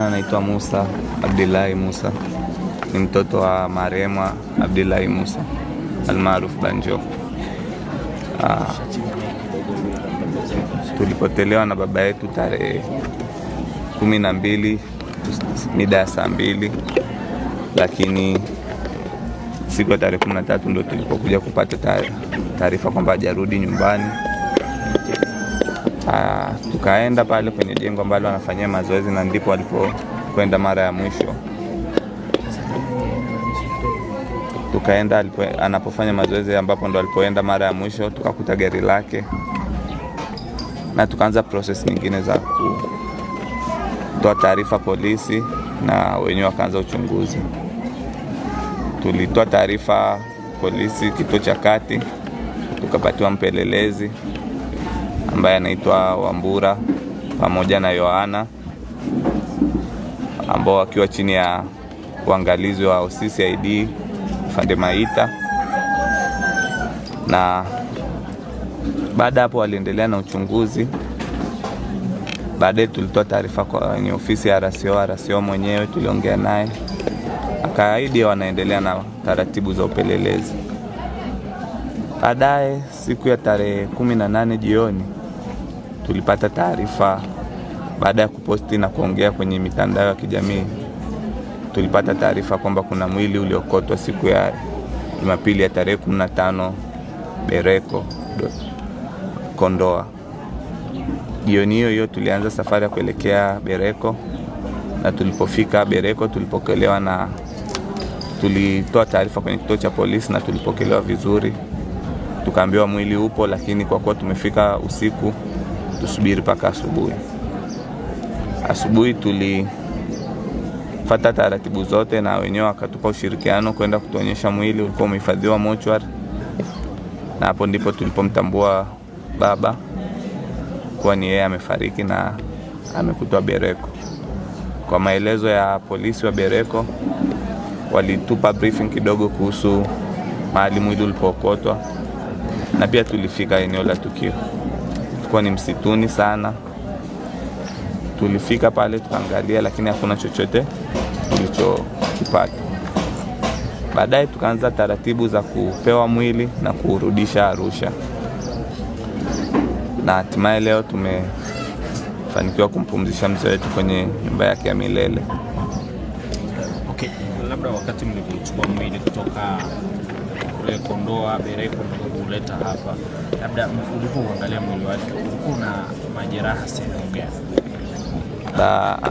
Anaitwa Musa Abdillahi Musa, ni mtoto wa marehemu Abdillahi Musa almaarufu Banjo. Ah, tulipotelewa na baba yetu tarehe kumi na mbili mida ya saa mbili, lakini siku ya tarehe kumi na tatu tulipokuja kupata taarifa kwamba hajarudi nyumbani. Ah, tukaenda pale kwenye jengo ambalo anafanyia mazoezi na ndipo alipokwenda mara ya mwisho. Tukaenda alipo, anapofanya mazoezi ambapo ndo alipoenda mara ya mwisho, tukakuta gari lake na tukaanza process nyingine za kutoa taarifa polisi, na wenyewe wakaanza uchunguzi. Tulitoa taarifa polisi kituo cha kati, tukapatiwa mpelelezi ambaye anaitwa Wambura pamoja na Yohana ambao wakiwa chini ya uangalizi wa OCCID Fande Maita, na baada hapo waliendelea na uchunguzi. Baadaye tulitoa taarifa kwenye ofisi ya RCO. RCO mwenyewe tuliongea naye akaahidi wanaendelea na taratibu za upelelezi. Baadaye siku ya tarehe kumi na nane jioni tulipata taarifa baada ya kuposti na kuongea kwenye mitandao ya kijamii, tulipata taarifa kwamba kuna mwili uliokotwa siku ya Jumapili ya tarehe 15 Bereko Kondoa. Jioni hiyo hiyo tulianza safari ya kuelekea Bereko, na tulipofika Bereko tulipokelewa na tulitoa taarifa kwenye kituo cha polisi na tulipokelewa vizuri, tukaambiwa mwili upo, lakini kwa kuwa tumefika usiku tusubiri mpaka asubuhi. Asubuhi tulifata taratibu zote, na wenyewe wakatupa ushirikiano kwenda kutuonyesha mwili ulikuwa umehifadhiwa mochwari, na hapo ndipo tulipomtambua baba kuwa ni yeye amefariki na amekutwa Bereko. Kwa maelezo ya polisi wa Bereko, walitupa briefing kidogo kuhusu mahali mwili ulipokotwa na pia tulifika eneo la tukio tulikuwa ni msituni sana. Tulifika pale tukaangalia, lakini hakuna chochote tulichokipata. Baadaye tukaanza taratibu za kupewa mwili na kuurudisha Arusha, na hatimaye leo tumefanikiwa kumpumzisha mzee wetu kwenye nyumba yake ya milele. Okay, labda wakati mlivyochukua mwili kutoka kule Kondoa Bereko ndio kuleta hapa, labda kuangalia mwili wake ulikuwa na majeraha sehemu gani?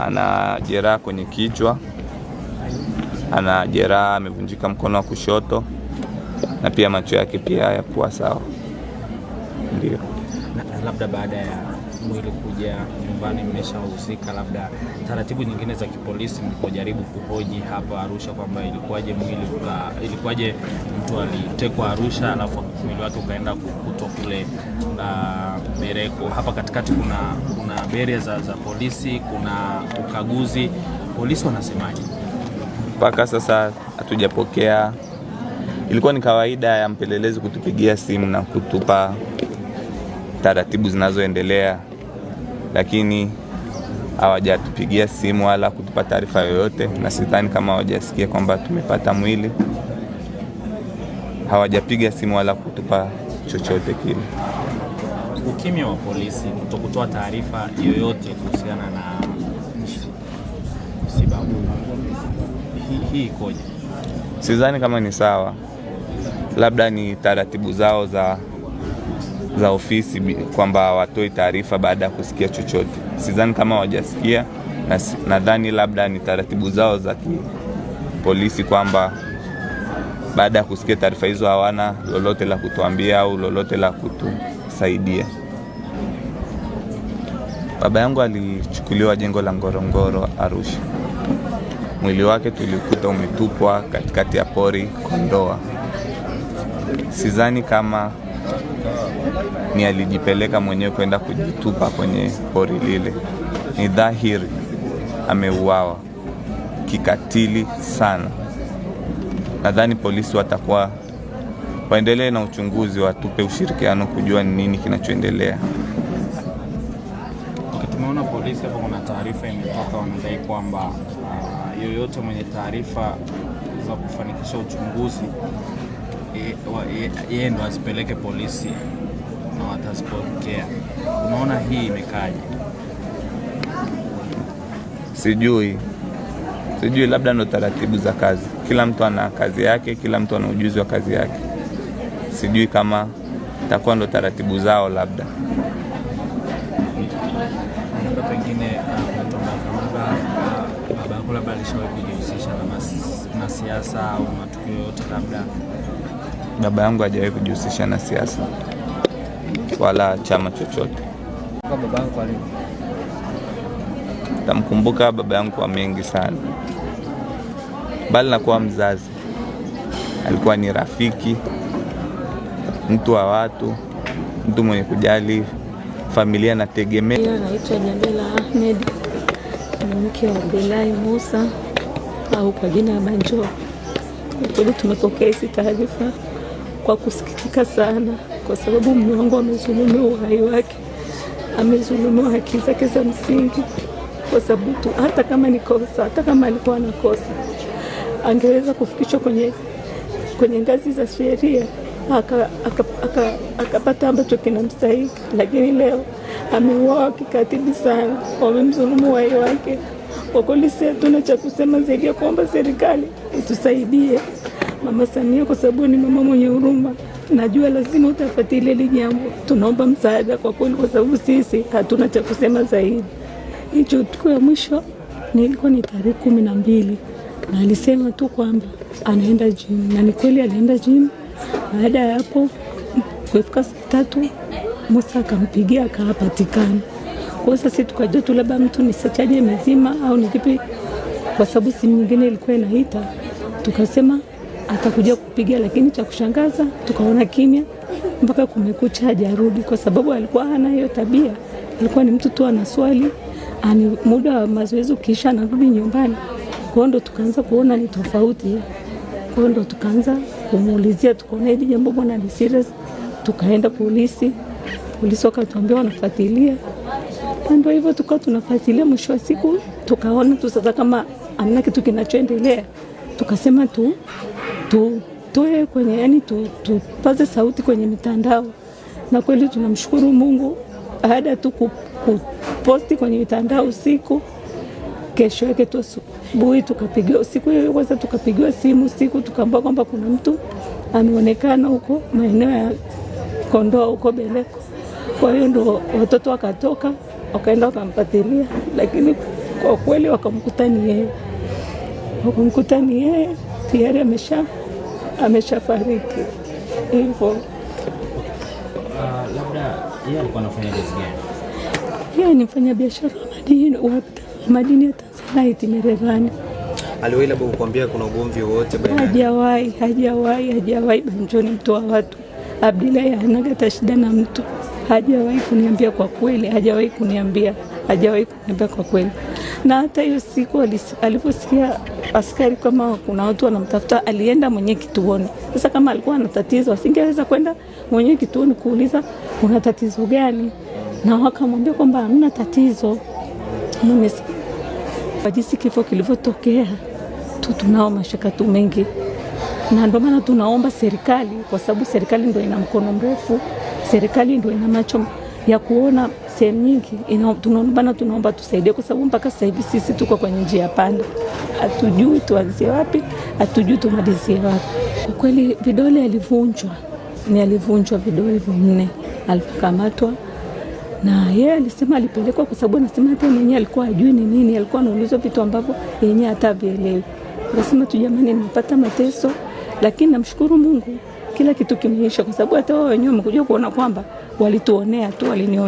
Ana jeraha kwenye kichwa, ana jeraha, amevunjika mkono wa kushoto na pia macho yake pia hayakuwa sawa, ndio labda baada ya mwili kuja nyumbani, mmeshahusika labda taratibu nyingine za kipolisi mlipojaribu kuhoji hapa Arusha kwamba ilikuwaje mwili uka, ilikuwaje mtu alitekwa Arusha alafu mwili wake ukaenda kukutwa kule na Bereko. Hapa katikati kuna, kuna beria za, za polisi, kuna ukaguzi. Polisi wanasemaje? Mpaka sasa hatujapokea Ilikuwa ni kawaida ya mpelelezi kutupigia simu na kutupa taratibu zinazoendelea lakini hawajatupigia simu wala kutupa taarifa yoyote, na sidhani kama hawajasikia kwamba tumepata mwili. Hawajapiga simu wala kutupa chochote kile. Ukimya wa polisi kutokutoa taarifa yoyote kuhusiana na msiba huu, hii ikoje? Sidhani kama ni sawa, labda ni taratibu zao za za ofisi kwamba hawatoi taarifa baada ya kusikia chochote. Sidhani kama wajasikia nadhani labda ni taratibu zao za kipolisi kwamba baada ya kusikia taarifa hizo hawana lolote la kutuambia au lolote la kutusaidia. Baba yangu alichukuliwa jengo la Ngorongoro, Arusha. Mwili wake tulikuta umetupwa katikati ya pori Kondoa. Sidhani kama ni alijipeleka mwenyewe kwenda kujitupa kwenye pori lile. Ni dhahiri ameuawa kikatili sana. Nadhani polisi watakuwa waendelee na uchunguzi, watupe ushirikiano kujua ni nini kinachoendelea. Tumeona polisi hapo, kuna taarifa imetoka, wanadai kwamba uh, yoyote mwenye taarifa za kufanikisha uchunguzi eh, eh, yeye ndo azipeleke polisi na watazipokea. Unaona hii imekaje? Sijui, sijui, labda ndo taratibu za kazi. Kila mtu ana kazi yake, kila mtu ana ujuzi wa kazi yake. Sijui kama takuwa ndo taratibu zao, labda pengine uh, uh, baba yako labda alishawahi kujihusisha na siasa au matukio yote? Labda baba yangu hajawahi kujihusisha na siasa wala chama chochote. Tamkumbuka baba yangu kwa mengi sana, bali nakuwa mzazi, alikuwa ni rafiki, mtu wa watu, mtu mwenye kujali familia na tegemeo. Naitwa Jamila Ahmed, ni mke wa Abdulahi Musa au kwa jina ya Banjo. Kweli tumepokea hizi taarifa kwa kusikitika sana kwa sababu mume wangu amezulumiwa uhai wake, amezulumiwa haki zake za msingi, kwa sababu tu hata kama ni kosa, hata kama alikuwa kosa, angeweza kufikishwa kwenye kwenye ngazi za sheria akapata aka, aka, aka ambacho kinamstahili, lakini leo ameuawa kikatili sana, wamemzulumu uhai wake. Kwa kweli si hatuna cha kusema zaidi ya kuomba serikali itusaidie Mama Samia kwa sababu ni mama mwenye huruma najua lazima utafuatilia hili jambo. Tunaomba msaada kwa kweli, kwa sababu sisi hatuna cha kusema zaidi. Hicho tuko ya mwisho nilikuwa ni tarehe kumi na mbili na alisema tu kwamba anaenda gym, na ni kweli alienda gym. Baada ya hapo kufika saa tatu Musa akampigia akapatikana. Kwa sasa tukajua tu labda mtu ni sachaje imezima au ni kipi, kwa sababu simu nyingine ilikuwa inaita, tukasema akakuja kupiga, lakini cha kushangaza tukaona kimya mpaka kumekucha, hajarudi kwa sababu alikuwa hana hiyo tabia. Alikuwa ni mtu tu ana swali ani, muda wa mazoezi ukiisha anarudi nyumbani. Kwao ndo tukaanza kuona ni tofauti, kwao ndo tukaanza kumuulizia, tukaona hili jambo bwana ni serious. Tukaenda polisi, polisi wakatuambia wanafuatilia, ndio hivyo tukawa tunafuatilia. Mwisho wa siku tukaona tu sasa kama amna kitu kinachoendelea, tukasema tu tutoe kwenye yani, tupaze tu, sauti kwenye mitandao, na kweli tunamshukuru Mungu baada tu kuposti kwenye mitandao usiku, kesho yake tu asubuhi tukapigiwa siku hiyo kwanza, tukapigiwa simu siku tukaambiwa kwamba kuna mtu ameonekana huko maeneo ya Kondoa huko Beleko. Kwa hiyo ndo watoto wakatoka wakaenda wakamfatilia lakini kwa kweli wakamkuta ni yeye, wakamkuta ni yeye tayari amesha ameshafariki hivyo. Uh, labda yeye alikuwa anafanya kazi gani? Yeye ni mfanya biashara madini wa madini ya Tanzanite Mererani. Aliwahi labda kukwambia kuna ugomvi wowote baina? Hajawahi, hajawahi, hajawahi. Banjoni mtu wa watu, Abdilahi anagata shida na mtu, hajawahi kuniambia kwa kweli, hajawahi kuniambia, hajawahi kuniambia kwa kweli. Na hata hiyo siku aliposikia askari kama kuna watu wanamtafuta, alienda mwenye kituoni. Sasa kama alikuwa na tatizo, asingeweza kwenda mwenye kituoni kuuliza una tatizo gani, na wakamwambia kwamba hamna tatizo. Jinsi kifo kilivyotokea tu, tunao mashaka tu mengi, na ndio maana tunaomba serikali, kwa sababu serikali ndio ina mkono mrefu, serikali ndio ina macho ya kuona sehemu nyingi tunaombana, tunaomba tusaidie, kwa sababu mpaka sasa hivi sisi tuko kwenye njia panda, hatujui tuanzie wapi, hatujui tumalizie wapi. Kwa kweli vidole alivunjwa, ni alivunjwa vidole vinne alivyokamatwa, na yeye alisema alipelekwa, kwa sababu anasema hata mwenyewe alikuwa ajui ni nini, alikuwa anaulizwa vitu ambavyo yenyewe hata vielewi. Akasema tu jamani, nimepata mateso, lakini namshukuru Mungu kila kitu kimeisha, kwa sababu hata wao wenyewe wamekuja kuona kwamba walituonea tu, walinionea.